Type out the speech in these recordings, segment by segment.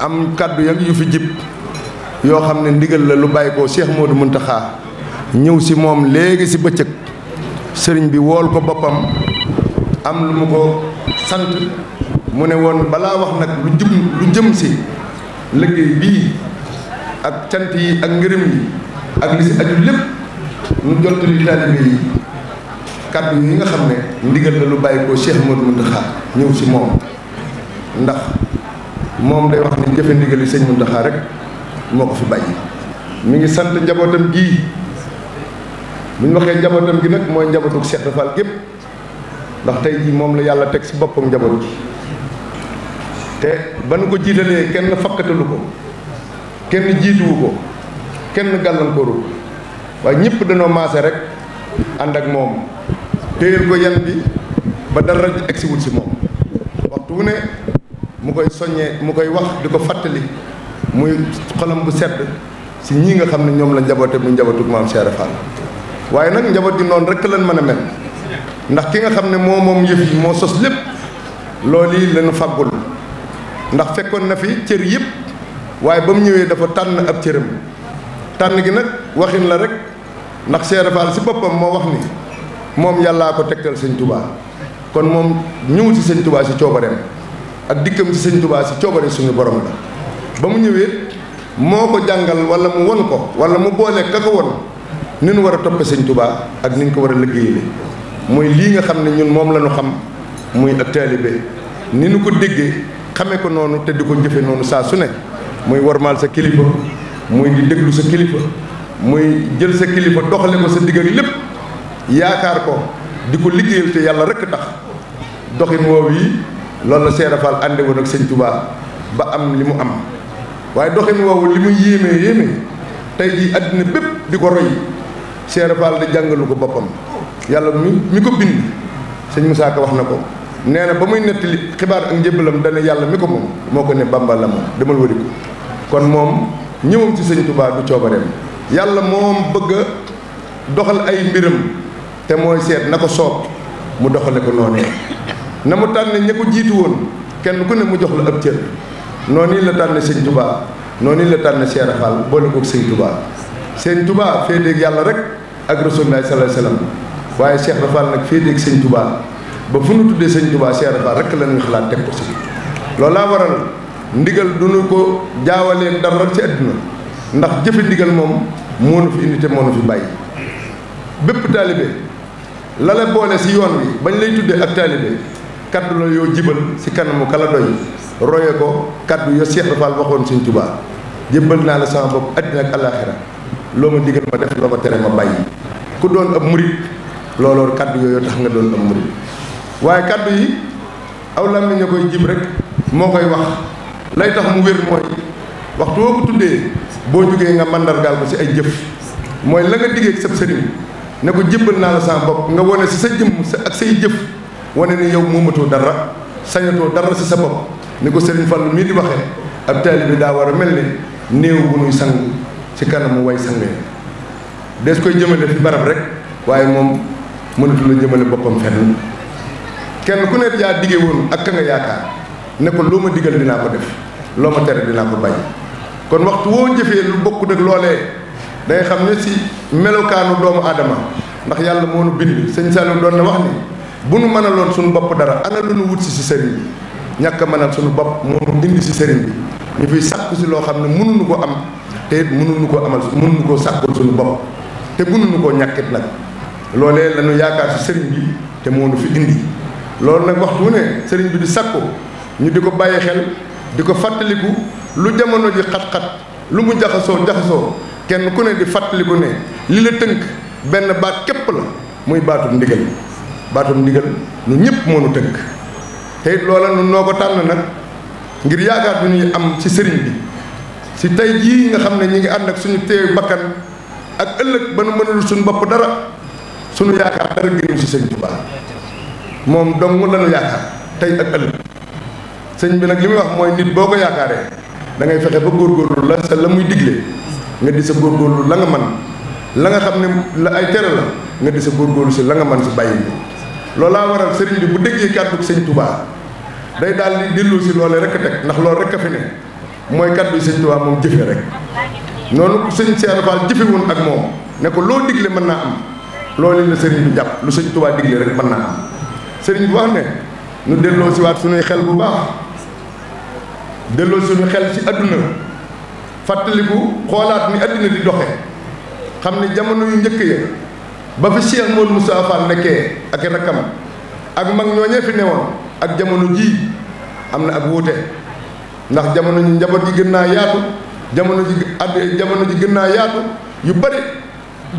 am kàddu ya yu fi jib yoo xam ne ndigal la lu bàyyi ko Cheikh Modou Mountakha ñëw si moom léegi si bëccëg sëriñ bi wool ko boppam am lu mu ko sant mu ne woon balaa wax nag lu jëm lu jëm si liggéey bii ak cant yi ak ngërëm yi ak li si aju lépp ñu jottali taalibe yi kàddu yi nga xam ne ndigal la lu bàyyi ko Cheikh Modou Mountakha ñëw si moom ndax moom day wax ni jëfe ndigal yi sëñ Muntaxa rek moo ko fi bàyyi mi ngi sant njabootam gii bu ñu waxee njabootam gi nag mooy njabootu Cheikh Fall gépp ndax tey jii moom la yàlla teg si boppam njaboot gi te ba nu ko jiitalee kenn fakkatalu ko kenn jiituwu ko kenn gàllankooru ko waaye ñëpp dañoo maase rek ànd ak moom téyel ko yan bi ba dara egsi wut si moom waxtu wu ne mu koy soññee mu koy wax di ko fàttali muy xolam bu sedd si ñii nga xam ne ñoom la njaboote bu njabootu maam Cheikh Fall waaye nag njaboot gi noonu rekk lañ mën a mel ndax ki nga xam ne moo moom yëf yi moo sos lépp loolu yi lañu fàggul ndax fekkoon na fi cër yëpp waaye ba mu ñëwee dafa tànn ab cëram tànn gi nag waxin la rek ndax Cheikh Fall si boppam moo wax ni moom yàllaa ko tegtal sëñ Touba kon moom ñëw si sëñ Touba si coobareem ak dikkam ci sëñ Tuubaa si coobare suñu borom la ba mu ñëwee moo ko jàngal wala mu won ko wala mu boole ka ko won ni ñu war a toppe sëñ Tuubaa ak ni ñu ko war a liggéeyale muy lii nga xam ne ñun moom la ñu xam muy ak taalibe ni nu ko déggee xame ko noonu te di ko jëfe noonu saa su ne muy warmaal sa kilifa muy di déglu sa kilifa muy jël sa kilifa doxale ko sa digg yi lépp yaakaar ko di ko liggéeyal te yàlla rekk tax doxin woowu yi loolu la Cheikh Fall ànde woon ak sëñ Touba ba am li mu am waaye doxin woowu li muy yéeme yéeme tey jii àddina bépp di ko roy Cheikh Fall di jàngalu ko boppam yàlla mi mi ko bind sëñ Moussa Ka wax na ko nee na ba muy nettali xibaar ak njëbbalam dana yàlla mi ko moom moo ko ne Bàmba la moom demal wëri ko kon moom ñëwam ci sëñ Touba du coobareem yàlla moom bëgg a doxal ay mbiram te mooy seet na ko soob mu doxale ko noonu na mu tànn ña ko jiitu woon kenn ku ne mu jox la ab cër noonu la tànn sëñ Touba noonu la tànn Cheikh Fall boole koog sëñ Touba sëñ Touba féeteeg yàlla rek ak Rasulullah sallallahu alayhi wasallam waaye Cheikh Fall nag féeteeg sëñ Touba ba fu nu tuddee sëñ Touba Cheikh Fall rek la ñuy xalaat teg ko si loolaa waral ndigal du nu ko jaawalee dara ci àdduna ndax jëfe ndigal moom moo nu fi indi te moo nu fi bàyyi bépp taalibe lale boole si yoon wi bañ lay tuddee ak taalibe. kaddu la yoo jibal si kanamu kala doy roye ko kaddu yo Seex Faal waxoon Sëñ Tuubaa jébbal naa la sama bopp àddina ak àllaaxira loo ma digal ma def loo ma tere ma bàyyi ku doon ab murit looloo kaddu yooyu tax nga doon ab murit waaye kaddu yi aw làmmiñ a koy jib rek moo koy wax lay tax mu wér mooy waxtu woo ko tuddee boo jógee nga màndargaal ko si ay jëf mooy la nga diggee ak sab sëriñ ne ko jébbal naa la sama bopp nga wone si sa jëmm ak say jëf wane ni yow moomatoo dara sañatoo dara si sa bopp ni ko Serigne Fall mii di waxee ab bi daa war a mel ni néew bu nuy sang ci kanamu way sang des koy jëmale fi barab rek waaye moom mënatu la jëmale boppam fenn kenn ku nekk yaa diggee woon ak ka nga yaakaar ne ko loo ma digal dinaa ko def loo ma tere dinaa ko bàyyi kon waxtu woo jëfee lu bokk nag loolee da xam ne si melokaanu doomu aadama ndax yàlla moo nu bind sëñ Saliou doon bu nu mënaloon suñu bopp dara ana lu nu wut si si sëriñ bi ñàkk a mënal suñu bopp moom indi si sëriñ bi ñu fiy sàkku si loo xam ne mënuñu ko am te it mënuñu koo amal mënuñu koo sàkkul suñu bopp te mënuñu koo ñàkkit nag loolee la ñu yaakaar si sëriñ bi te moo nu fi indi loolu nag wax wu ne sëriñ bi di sàkku ñu di ko bàyyi xel di ko fàttaliku lu jamono ji xat-xat lu mu jaxasoo jaxasoo kenn ku ne di fàttaliku ne li la tënk benn baat képp la muy baatu ndigal baatum ndigal nu ñëpp moo nu tënk te loola nun noo ko tànn nag ngir yaakaar bi ñuy am ci sëriñ bi si tey jii nga xam ne ñi ngi ànd ak suñu teew bakkan ak ëllëg ba nu mënul suñu bopp dara sunu yaakaar dara ci si sëriñ Tuubaa moom dong lañu yaakaar tey ak ëllëg sëñ bi nag li muy wax mooy nit boo ko yaakaaree da ngay fexe ba góorgóorlu la sa la muy digle nga di sa góorgóorlu la nga man la nga xam ne la ay tere la nga di sa góorgóorlu si la nga man si bàyyi loolaa waral sëriñ bi bu déggee kàddu sëñ Touba day daal di dellu si loole rek a teg ndax loolu rek a fi ne mooy kàddu sëñ Touba moom jëfe rek noonu sëñ Cheikh Fall jëfe woon ak moom ne ko loo digle mën naa am loolu la sëriñ bi jàpp lu sëñ Touba digle rek mën naa am sëriñ bi wax ne ñu delloo si waat suñuy xel bu baax delloo suñu xel ci àdduna fàttaliku xoolaat ni àdduna di doxe xam ne jamono yu njëkk ya ba fi Cheikh Modou Moussa Fall nekkee ak rakkam ak mag ñooñee fi newoon ak jamono jii am na ak wuute ndax jamono ji njaboot ji gën naa yaatu jamono ji ad jamono ji gën naa yaatu yu bari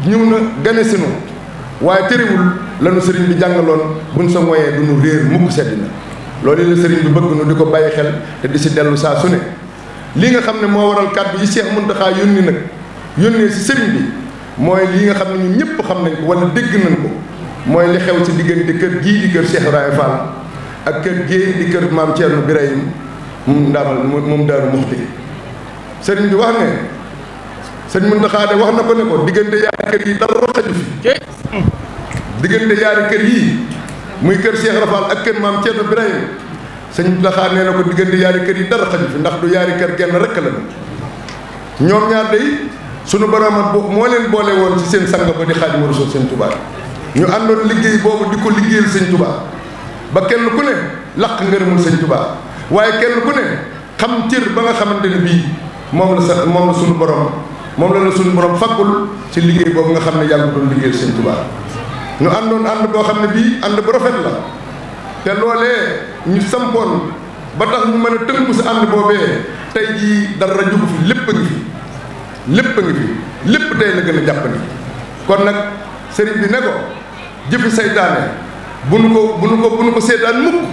ñëw na gane sinu waaye terewul lanu sëriñ bi jàngaloon buñ sa ngoyee du ñu réer mukk sedd na loolu la sëriñ bi bëgg nu di ko bàyyi xel te di si dellu saa su ne li nga xam ne moo waral kàddu yi Cheikh Mountakha yónni nag yónnee si sëriñ bi mooy lii nga xam ne ñun ñëpp xam nañ ko wala dégg nañ ko mooy li xew ci diggante kër gii di kër Cheikh Ibrahima Fall ak kër gii di kër maam Thierno Birahim moom ndaamal moom Daaru Muxti sëriñ bi wax ne sëñ Muntaxa de wax na ko ne ko diggante yaari kër yi dara xaju fi diggante yaari kër yi muy kër Cheikh Rafal ak kër maam na Birahim sëñ Muntaxa nee na ko diggante yaari kër yi dara xaju fi ndax du yaari kër genn rekk la ñoom ñaar day sunu borom moo leen boole woon ci seen sang ba di Xaadimu Rasuul seen Tuubaa ñu àndoon liggéey boobu di ko liggéeyal seen Tuubaa ba kenn ku ne laq ngërëmul seen Tuubaa waaye kenn ku ne xam cër ba nga xamante ne bii moom sa moom la sunu moom la la sunu borom ci liggéey boobu nga xam ne yàlla doon liggéeyal seen Tuubaa ñu àndoon ànd boo xam ne bii ànd bu rafet la te loolee ñu sampoon ba tax ñu mën a tënku sa ànd boobee tey jii dara jugu fi lépp a lépp a ngi fi lépp day la gën a jàppandi kon nag sëriñ bi ne ko jëfi saytaane bu nu ko bu nu ko bu nu ko seetaan mukk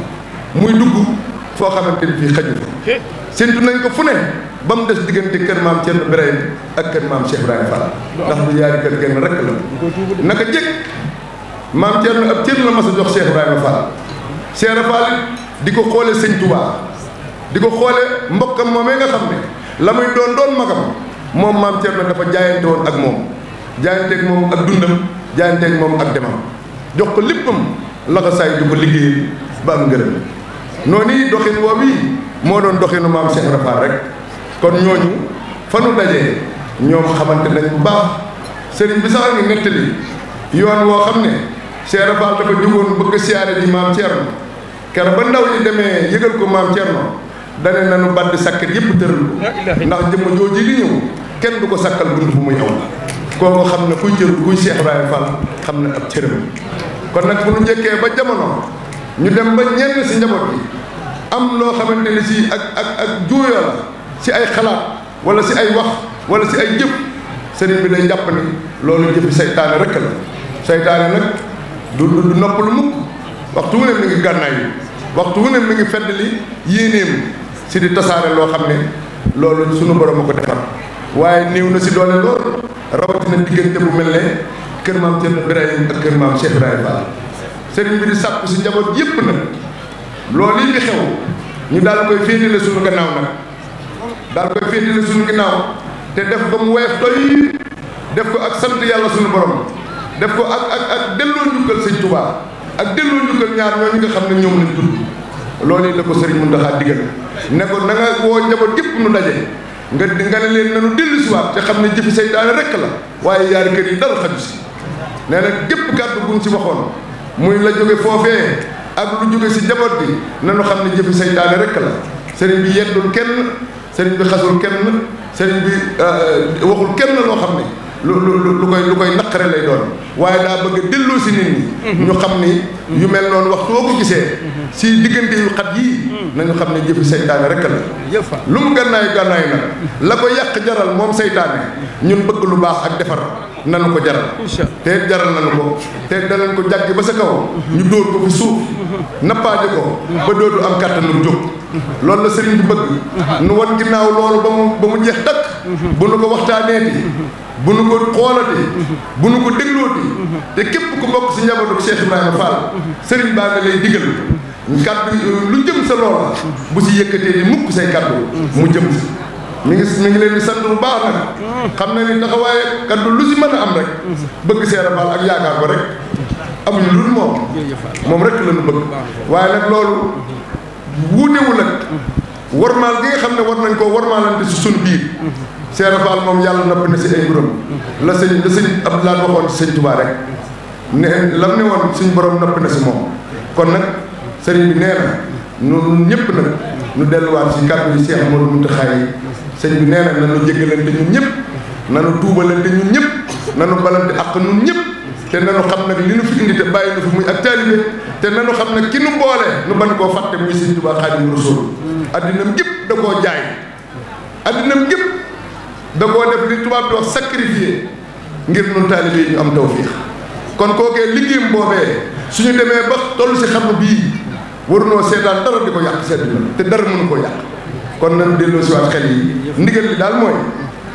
muy dugg foo xamante ni fii xaju fa séntu nañ ko fu ne ba mu des diggante kër maam Thierno Birahim ak kër maam Cheikh Ibrahima Fall ndax du yaari kër genn ab cër la mas a jox Cheikh Ibrahima Fall Cheikh Ibrahima di ko xoole sëñ Touba di ko xoole mbokkam moomee nga xam ne la muy doon doon magam moom maam Thierno dafa jaayante woon ak moom jaayanteeg moom ak dundam jaayanteeg moom ak demam jox ko léppam laxasaay du ko liggéeyal ba am ngërëm noonu yi doxin woowu moo doon doxinu maam Cheikh Rafaal rek kon ñooñu fanu dajee ñoom xamante nañ bu baax sëriñ bi sax a ngi nettali yoon woo xam ne Cheikh Rafaal dafa jógoon bëgg siyaare ji maam Thierno ker ba ndaw yi demee yëgal ko maam Thierno dane nanu bàdd sàkket yépp tëral ko ndax jëmm jooji li kenn du ko sàkkal bunt bu muy aw kooku xam ne kuy jël kuy Cheikh Ibrahima Fall xam ne ab cëram kon nag bu nu njëkkee ba jamono ñu dem ba ñenn si njaboot bi am loo ne ni si ak ak ak juuyoo la si ay xalaat wala si ay wax wala si ay jëf sëriñ bi day jàpp ni loolu jëfi saytaane rek la saytaane nag du du noppalu mukk waxtu wu ne mi ngi gànnaay yi waxtu wu ne mi ngi fedd li yéeneem si di tasaare loo xam ne loolu sunu borom a ko defar waaye néew na si doole lool rawatina diggante bu mel ne kër maam Thierno Birahim ak kër maam Cheikh Ibrahima Fall sëriñ bi di sàkku si njaboot yépp nag loolu yi fi xew ñu daal koy féetale suñu gannaaw nag daal koy féetale suñu gannaaw te def ko mu weef doy def ko ak sant yàlla suñu borom def ko ak ak ak delloo njukkal sëñ ak delloo njukkal ñaar ñooñu nga xam ne ñoom lañ tudd loolu yi la ko sëriñ Mountakha digal ne ko na nga woo njaboot yépp nu nga nga ne leen nanu dellu si waat te xam ne jëfi seytaane rekk la waaye yaari kër yi dara xaju si nee na gépp kàddu buñ si waxoon muy la jóge foofee ak lu jóge si njaboot bi nanu xam ne jëfi seytaane rekk la sëriñ bi yeddul kenn sëriñ bi xasul kenn sëriñ bi euh, waxul kenn loo xam ne lu lu lu koy lu koy naqare lay doon waaye daa bëgg a si nit ñi mhm. ñu xam ni yu mel noonu waxtu woo ko gisee mhm. si diggante yu xat yii mhm. nañu xam ne jëfi seytaane rekk la lu mu gànnaayu gànnaayu nag la ko yàq jaral moom seytaane ñun bëgg lu baax ak defar nanu ko jaral te jaral nanu ko te danañ ko jàggi ba sa kaw ñu dóor ko fi suuf nappaaje ko ba dootu am kàttanu jóg loolu na sëriñ bi bëgg nu wan ginnaaw loolu ba mu ba mu jeex takk bu nu ko waxtaaneeti bu nu ko xoolatee bu nu ko déglootee te képp ku bokk si njabootu Cheikh Ibrahima Fall sëriñ baa nga lay digal kaddu lu jëm sa loola bu si yëkkatee ni mukk say kaddu mu jëm si mi ngi mi ngi leen di sant bu baax nag xam na ni taxawaaye kaddu lu si mën a am rek bëgg seera baal ak yaakaar ko rek amuñu lu moom moom rek lañu bëgg waaye nag loolu wuutewul ak warmaal nga xam ne war nañ koo warmaalante si sun biir Cheikh Fall moom yàlla nopp na si ay mbiram la sëñ la sëñ Abdoulaye waxoon si sëñ Touba rek ne lam ne woon suñ borom nopp na si moom kon nag sëriñ bi nee na ñun ñëpp na ñu delluwaat si kàddu yi Cheikh Modou Mountakha yi sëñ bi nee na nañu jéggalante ñun ñëpp nañu tuubalante ñun ñëpp nañu balante ak ñun ñëpp te na nanu xam nag li nu fi indi te bàyyi nu fi muy ak taalibe te nanu xam nag ki nu boole nu ban koo fàtte muy Sëñ Tuubaa Xaadimu Rasuul addinam gépp da koo jaay addinam gépp da koo def li tubaab di wax sacrifié ngir nun taalibe yi ñu am tawfiix kon kookee liggéeyam boobee suñu demee ba toll si xam bii waruñoo seetaan dara di ko yàq seddina te dara mënu koo yàq kon nañ delloo si waat xel yi ndigal li daal mooy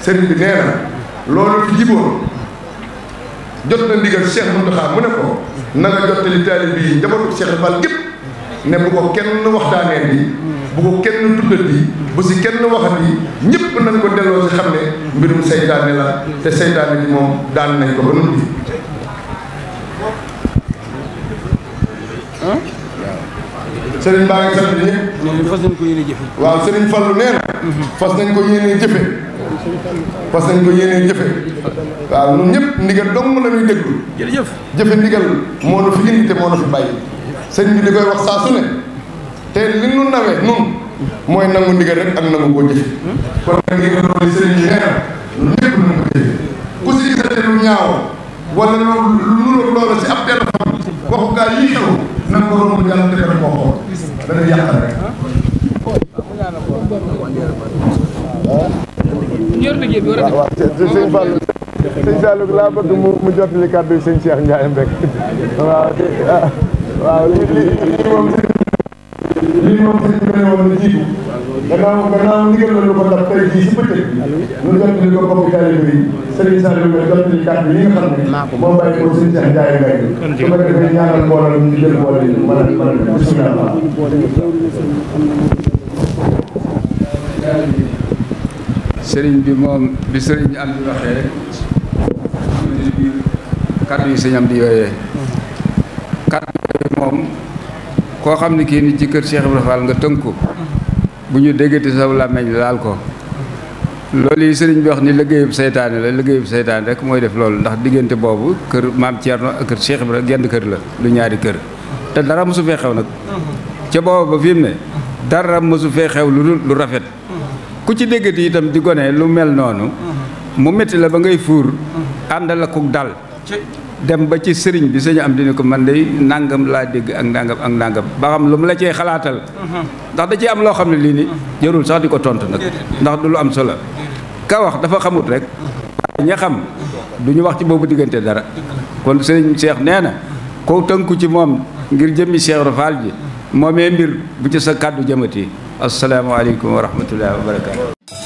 sëriñ bi nee na loolu fi jiboon jot na ndigal Cheikh Mountakha mu ne ko na li jottali taalibe yi njabootu Cheikh Ibal gépp ne bu ko kenn waxtaanee bi bu ko kenn tuddal bi bu si kenn waxat yi ñëpp nañ ko delloo si xam ne mbirum seytaane la te seytaane bi moom daan nañ ko ba nun bi sëriñ baa ngi sant ñëpp nee na mhm. fas nañ ko yéene jëfe fas nañ ko yéene jëfe waaw ñun ñëpp ndigal dong la ñuy déglu jërëjëf jëfe ndigal moo nu fi indi te moo nu fi bàyyi sëñ bi di koy wax saa su ne te li nu nawee nun mooy nangu ndigal rek ak nangu koo jëfe kon nag li ko jëfe ku si gisate lu ñaaw wala loolu lu ko romb jàll te dana koo xool dana rek ñor liggéey sëñ Fallou sëñ laa bëgg mu mu jottali kàddu yi sëñ Cheikh Ndiaye Mbeg waaw ah. waaw li li li moom li moom sëñ bi ne woon na jiitu gannaaw gannaaw ndigal la lu ko dab tey jii si bëccëg ñu jot li ko bokk taalibe yi Serigne Sall bi jot li kàddu yi nga xam ne moom bàyyi ko sëñ Cheikh Ndiaye Ngaye su ko defee ñaanal mbooloo ñu jël boole yi mën a mën a bisimilah sëriñ bi moom bi sëriñ am di waxee rek am na ci biir kàddu yi sëñ am di yooyee koo xam ne kii ni ci kër Cheikh Ibrahima Fall nga tënku bu ñu déggati saw làmmeñ laal ko loolu yi sëriñ bi wax ni liggéeyub seytaane la liggéeyub seytaane rek mooy def loolu ndax diggante boobu kër maam Thierno ak kër Cheikh Ibrahima genn kër la lu ñaari kër te dara mosu fee xew nag ca booba ba fi mu ne dara mosu fee xew lu lu rafet ku ci déggati itam di gone lu mel noonu mu metti la ba ngay fuur àndal ak dal dem ba ci sëriñ bi sëñ am di ko man de nangam laa dégg ak nangam ak nangam ba xam lu mu la cee xalaatal. Mhm. ndax da cee am loo xam ne lii ni mhm. jarul sax di ko tontu nag. ndax du lu am solo. kawax dafa xamut rek. waaye ña xam mhm. du ñu wax ci boobu diggante dara. kon sëriñ Cheikh nee na koo tënku ci moom ngir jëmmi Cheikh Rafal ji moomee mbir bu ci sa kàddu jëmati asalaamaaleykum wa rahmatullahi wa barakaatu.